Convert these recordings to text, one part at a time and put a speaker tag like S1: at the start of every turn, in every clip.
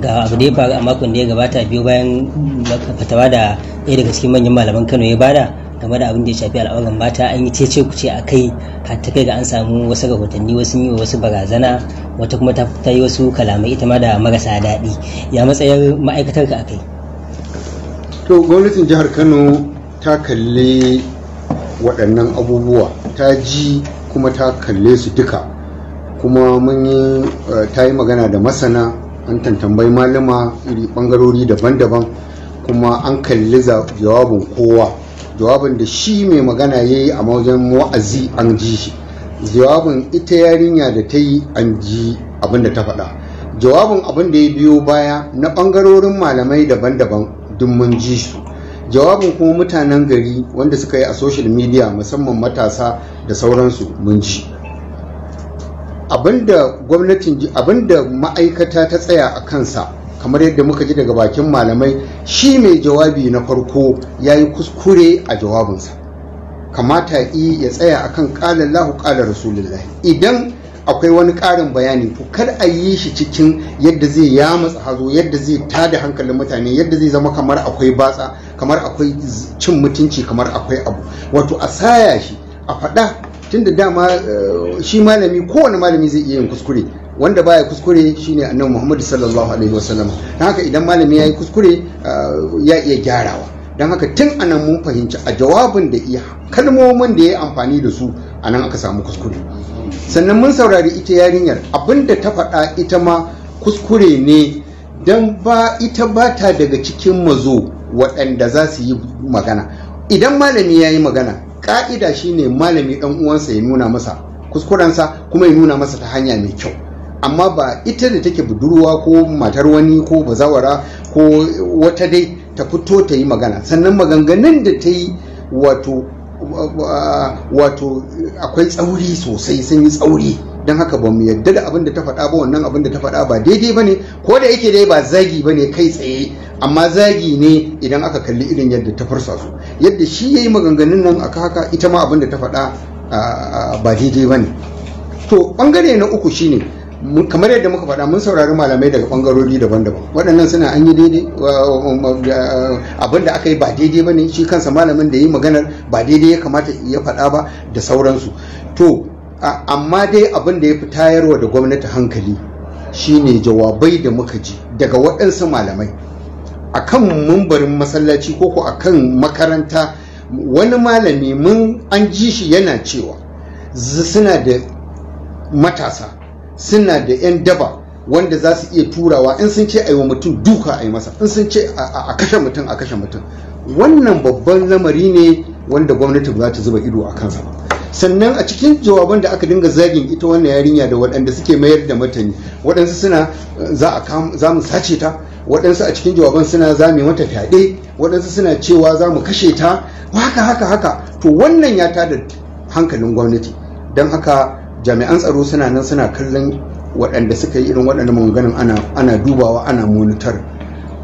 S1: ga abu da ya faru a makon da ya gabata biyu bayan fatawa da ɗaya daga cikin manyan malaman kano ya bada game da abin da ya shafi al'auran mata an yi cece ce a kai har ta kai ga an samu wasu rahotanni wasu yi wasu barazana wata kuma ta yi wasu kalamai ita ma da marasa daɗi ya matsayar ma'aikatar ka a kai to gwamnatin jihar kano ta kalli waɗannan abubuwa ta ji kuma ta kalle su duka kuma mun yi eh, ta yi magana da masana an tantambai malama iri bangarori daban-daban kuma an kalli jawabin kowa jawabin da shi mai magana ya yi a wajen wa'azi an ji shi jawabin ita yarinya da ta yi an ji abin da ta faɗa jawabin abin da ya biyo baya na bangarorin malamai daban-daban duk mun ji su jawabin kuma mutanen gari wanda suka yi a social media musamman matasa da sauransu mun ji abinda gwamnatin abinda ma'aikata ta tsaya a kansa kamar yadda muka ji daga bakin malamai shi mai jawabi na farko ya yi kuskure a jawabinsa kamata yi ya tsaya akan ƙalar lahu ƙalar rasulullah idan akwai wani ƙarin bayani to kar a yi shi cikin yadda zai ya yamutsa hazo yadda zai tada hankalin mutane yadda zai zama kamar akwai batsa kamar akwai cin mutunci kamar akwai abu wato a saya shi a faɗa tunda dama eh, shi malami kowane malami zai iya yin kuskure wanda baya kuskure shine annabi Muhammad sallallahu alaihi wasallam haka idan malami yayi kuskure eh, ya iya gyarawa don haka tun anan mun fahimci a jawabin da iya kalmomin da ya yi amfani da su anan aka samu kuskure sannan mun saurari ita yarinyar da ta faɗa ita ma kuskure ne don ba ita ba ta daga cikin mazo waɗanda za su yi magana idan malami ya yi magana ka'ida shine malami dan uwansa ya nuna masa kuskurensa kuma ya nuna masa ta hanya mai kyau amma ba ita da take budurwa ko matar wani ko bazawara ko wata dai ta fito ta yi magana sannan maganganun da ta yi wato wato akwai tsauri sosai sun yi tsauri don haka ba mu yadda da abin da ta faɗa ba wannan abin da ta faɗa ba daidai ba ne ko da yake dai ba zagi ba ne kai tsaye amma zagi ne idan aka kalli irin yadda ta farsa su yadda shi ya yi maganganun nan aka haka ita ma abin da ta faɗa ba daidai ba ne to ɓangare na uku shine kamar yadda muka faɗa mun saurari malamai daga ɓangarori daban-daban waɗannan suna an yi daidai abin aka yi ba daidai ba ne shi kansa malamin da ya yi maganar ba daidai ya kamata ya faɗa ba da sauransu to amma dai abin da ya fi tayarwa da gwamnati hankali shine jawabai da muka ji daga waɗansu malamai akan mumbarin masallaci ko ko akan makaranta wani malami mun an ji shi yana cewa suna da matasa suna da 'yan daba wanda za su iya turawa in sun ce a wa mutum duka a yi masa in sun ce a kashe mutum a kashe mutum wannan babban lamari ne wanda gwamnati ba za ta zuba ido a kansa sannan a cikin jawaban da aka dinga zagin ita wannan yarinya da waɗanda suke mayar da matani waɗansu suna eh, za mu sace ta waɗansu a cikin jawaban suna za mu mata fyaɗe waɗansu suna cewa za mu kashe ta haka haka haka to wannan ya tada hankalin gwamnati don haka jami'an tsaro suna nan suna kallon waɗanda suka yi irin waɗannan maganganun ana dubawa ana monitor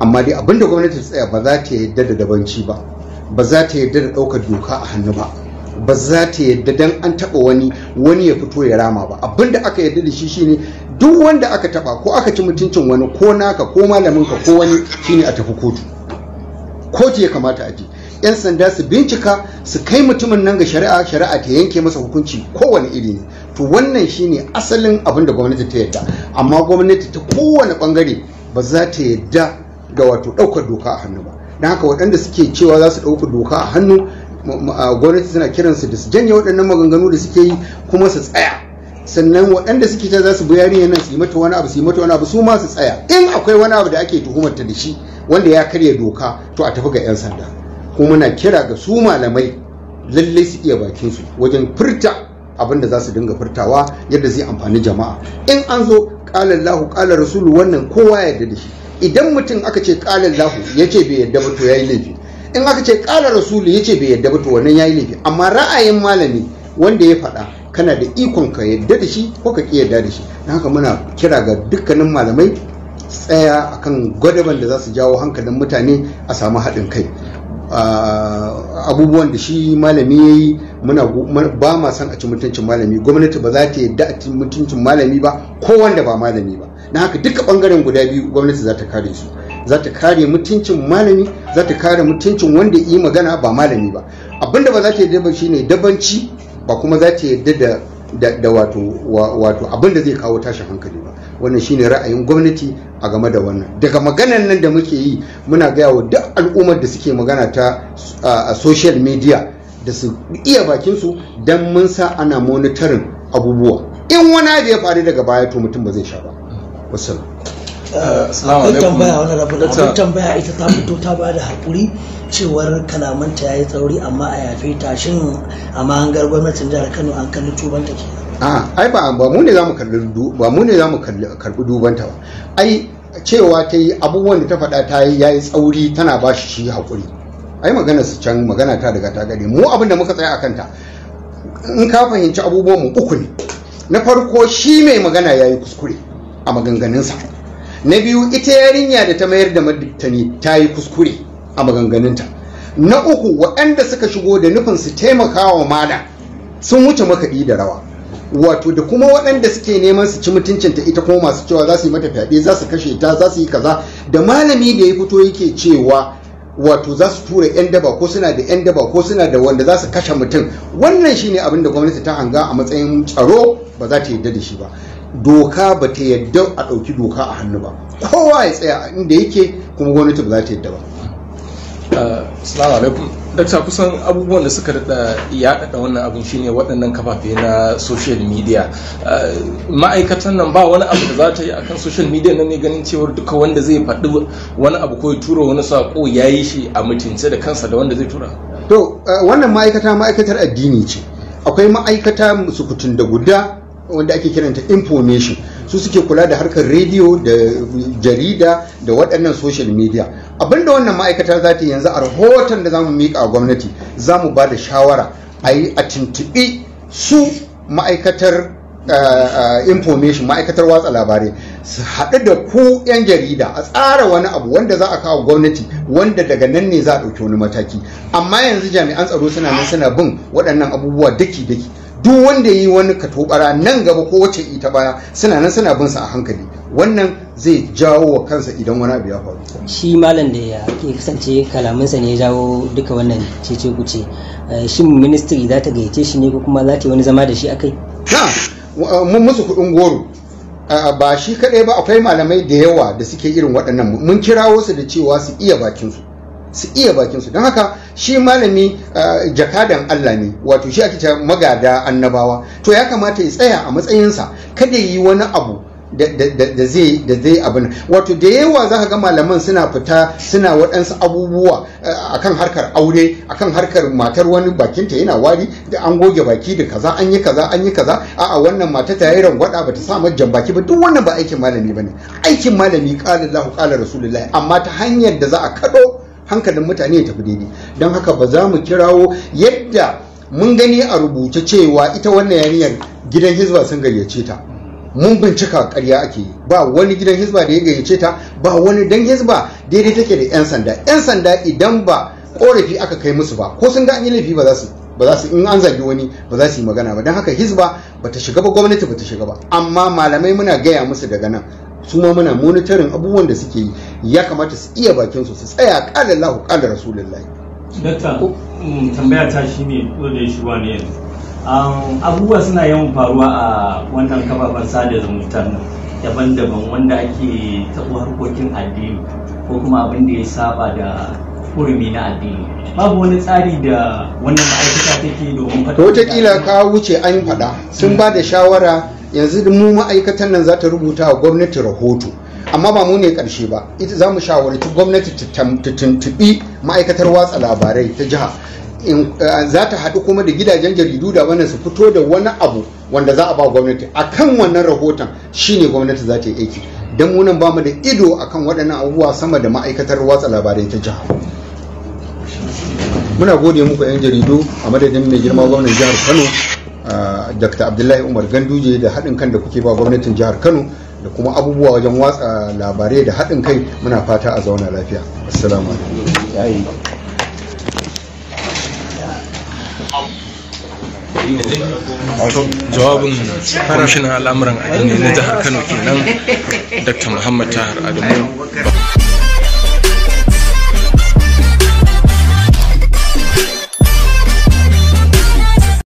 S1: amma dai abinda gwamnati ta tsaya ba za ta yarda da dabanci ba ba za ta yarda da ɗaukar doka a hannu ba ba za ta yadda dan an taba wani wani ya fito ya rama ba abinda aka yadda da shi shine duk wanda aka taba ko aka ci mutuncin wani ko naka ko malamin ka ko wani shine a tafi kotu kotu ya kamata a je yan sanda su bincika su kai mutumin nan ga shari'a shari'a ta yanke masa hukunci kowane iri ne to wannan shine asalin abin da gwamnati ta yadda amma gwamnati ta kowane bangare ba za ta yadda ga wato ɗaukar doka a hannu ba don haka waɗanda suke cewa za su ɗauka doka a hannu gwamnati suna kiransu da su janye waɗannan maganganu da suke yi kuma su tsaya sannan waɗanda suke ta za su bi yarinyar nan su yi mata wani abu su yi mata wani abu su ma su tsaya in akwai wani abu da ake tuhumar ta da shi wanda ya karya doka to a tafi ga 'yan sanda kuma na kira ga su malamai lallai su iya bakin su wajen furta abin da za su dinga furtawa yadda zai amfani jama'a in an zo qala Allahu rasulu wannan kowa ya yarda da shi idan mutum aka ce qala ya ce bai yarda ba to ya yi laifi in aka ce kala rasulu ya ce bai yadda ba to wannan yi laifi amma ra'ayin malami wanda ya faɗa kana da ikon ka yadda da shi ko ka ƙi yadda da shi don haka muna kira ga dukkanin malamai tsaya akan gwadaban da za su jawo hankalin mutane a samu haɗin kai abubuwan da shi malami ya yi ba ma son a ci mutuncin malami gwamnati ba za ta yadda a ci mutuncin malami ba ko wanda ba malami ba na haka duka bangaren guda biyu gwamnati za ta kare su za ta kare mutuncin malami za ta kare mutuncin wanda yi magana ba malami ba abinda ba za ta yadda ba shine dabanci ba kuma za ta yarda da da wato wato abinda zai kawo tashin hankali ba wannan shine ra'ayin gwamnati a game da wannan daga maganan nan da muke yi muna gaya wa duk al'ummar da suke magana ta a social media da su iya bakinsu don mun sa ana monitorin abubuwa in wani abu ya faru daga baya to mutum ba zai sha ba wasu Assalamu tambaya wani rabu da tambaya ita ta fito ta ba da haƙuri cewar kalamanta ya yi tsauri amma a yafe ta shin mahangar an gwamnatin jihar Kano an kalli tubanta ke. ai ba ba mu ne zamu kalli ba mu ne zamu karbi dubanta ba. Ai cewa ta yi abubuwan da ta faɗa ta yi ya yi tsauri tana ba shi shi haƙuri. Ai magana su can magana ta daga ta gare mu abin da muka tsaya a kanta. In ka fahimci abubuwan mu uku ne. Na farko shi mai magana ya yi kuskure a maganganunsa. na biyu ita yarinya da ta mayar da martani ta yi kuskure a maganganunta na uku waɗanda suka shigo da nufin su taimaka wa mana sun wuce makaɗi da rawa wato da kuma waɗanda suke neman su ci mutuncinta ita kuma masu cewa za su yi mata fyaɗe za su kashe ta za su yi kaza da malami da ya fito yake cewa wato za su tura 'yan daba ko suna da 'yan daba ko suna da wanda za su kashe mutum wannan shine abin da gwamnati ta hanga a matsayin tsaro ba za ta yarda da shi ba doka ba ta yadda a ɗauki doka a hannu ba kowa ya tsaya inda yake kuma gwamnati ba za ta yadda ba uh, salamu alaikum dakta kusan abubuwan da suka daɗa yaɗaɗa wannan abin shine waɗannan kafafe na social media uh, ma'aikatan nan ba wani abu da za ta yi akan social media nan ne ganin cewar duka wanda zai faɗi wani abu ko ya tura wani saƙo ya yi shi a mutunce da kansa da wanda zai tura to uh, wannan ma'aikata ma'aikatar addini ce akwai ma'aikata sukutun da guda wanda ake kiranta information su suke kula da harkar rediyo da jarida da waɗannan social media abinda wannan ma'aikata za ta yanzu a rahoton da za mu miƙa a gwamnati za mu ba da shawara a yi a tuntuɓi su ma'aikatar eh, eh, information ma'aikatar watsa labarai su haɗu da ku 'yan jarida a tsara wani abu wanda za a kawo gwamnati wanda daga nan ne za a ɗauki wani mataki amma yanzu jami'an tsaro suna nan suna bin waɗannan abubuwa daki-daki duk wanda yi wani katobara nan gaba ko wace ita baya suna nan suna bin sa a hankali wannan zai jawo wa kansa idan wani abu ya faru shi malam da ya ke kasance kalamansa ne ya jawo duka wannan cece kuce eh, shin ministry za ta gayyace shi ne ko kuma za ta yi wani zama da shi akai mun musu kuɗin goro ba shi kaɗai ba akwai malamai da yawa da suke irin waɗannan mun kirawo su da cewa su iya bakin su su iya bakinsu don haka shi malami eh, jakadan Allah ne wato shi ake cewa magada annabawa to ya kamata ya tsaya a matsayinsa kada yi wani abu da zai da zai abin wato da yawa za ka ga malaman suna fita suna waɗansu abubuwa eh, akan harkar aure akan harkar matar wani bakinta yana wari da an goge baki da kaza an yi kaza an yi kaza a'a wannan mata ta yi rangwada ba ta sa jan baki ba duk wannan ba aikin malami ba ne. aikin malami kalallahu Allahu rasulullahi amma ta hanyar da za a kaɗo. hankalin mutane ya tafi daidai don haka ba za mu kirawo yadda mun gani a rubuce cewa ita wannan yarinyar gidan hizba sun gayyace ta mun bincika karya ake yi ba wani gidan hizba da ya gayyace ta ba wani dan hizba daidai take da 'yan sanda 'yan sanda idan ba korafi aka kai musu ba ko sun ga an yi laifi ba za su ba za su in an zagi wani ba za su yi magana ba don haka hizba ba ta shiga ba gwamnati ba ta shiga ba amma malamai muna gaya musu daga nan su ma muna monitorin abubuwan da suke yi ya kamata su iya bakin su su tsaya qala Allahu qala rasulullahi dakta mm, tambaya ta shi ko da shi ne yanzu abubuwa suna yawan faruwa a wannan kafafen sada zumunta daban-daban wanda ake taɓo harkokin addini ko kuma abin da ya saba da hurumi na addini babu wani tsari da wannan ma'aikata take domin fata to wataƙila ka wuce an faɗa sun mm. ba da shawara yanzu mu ma'aikatan nan za ta rubuta wa gwamnati rahoto amma ba mu ne karshe ba ita za mu shawarci gwamnati ta tuntuɓi ma'aikatar watsa labarai ta jiha eh, za ta haɗu kuma da gidajen jaridu da wannan su fito da wani abu wanda za a ba gwamnati a kan wannan rahoton shine gwamnati za ta yi aiki don munan ba mu da ido akan waɗannan abubuwa sama da ma'aikatar watsa labarai ta jiha muna gode muku 'yan jaridu a madadin mai girma gwamnan jihar kano ah, dr abdullahi umar ganduje da haɗin kan da kuke ba gwamnatin jihar kano da kuma abubuwa wajen watsa labarai da haɗin kai muna fata a zauna lafiya assalamu jawabin kwamishinan al'amuran ne na jihar kano kenan dr muhammad tahar adamu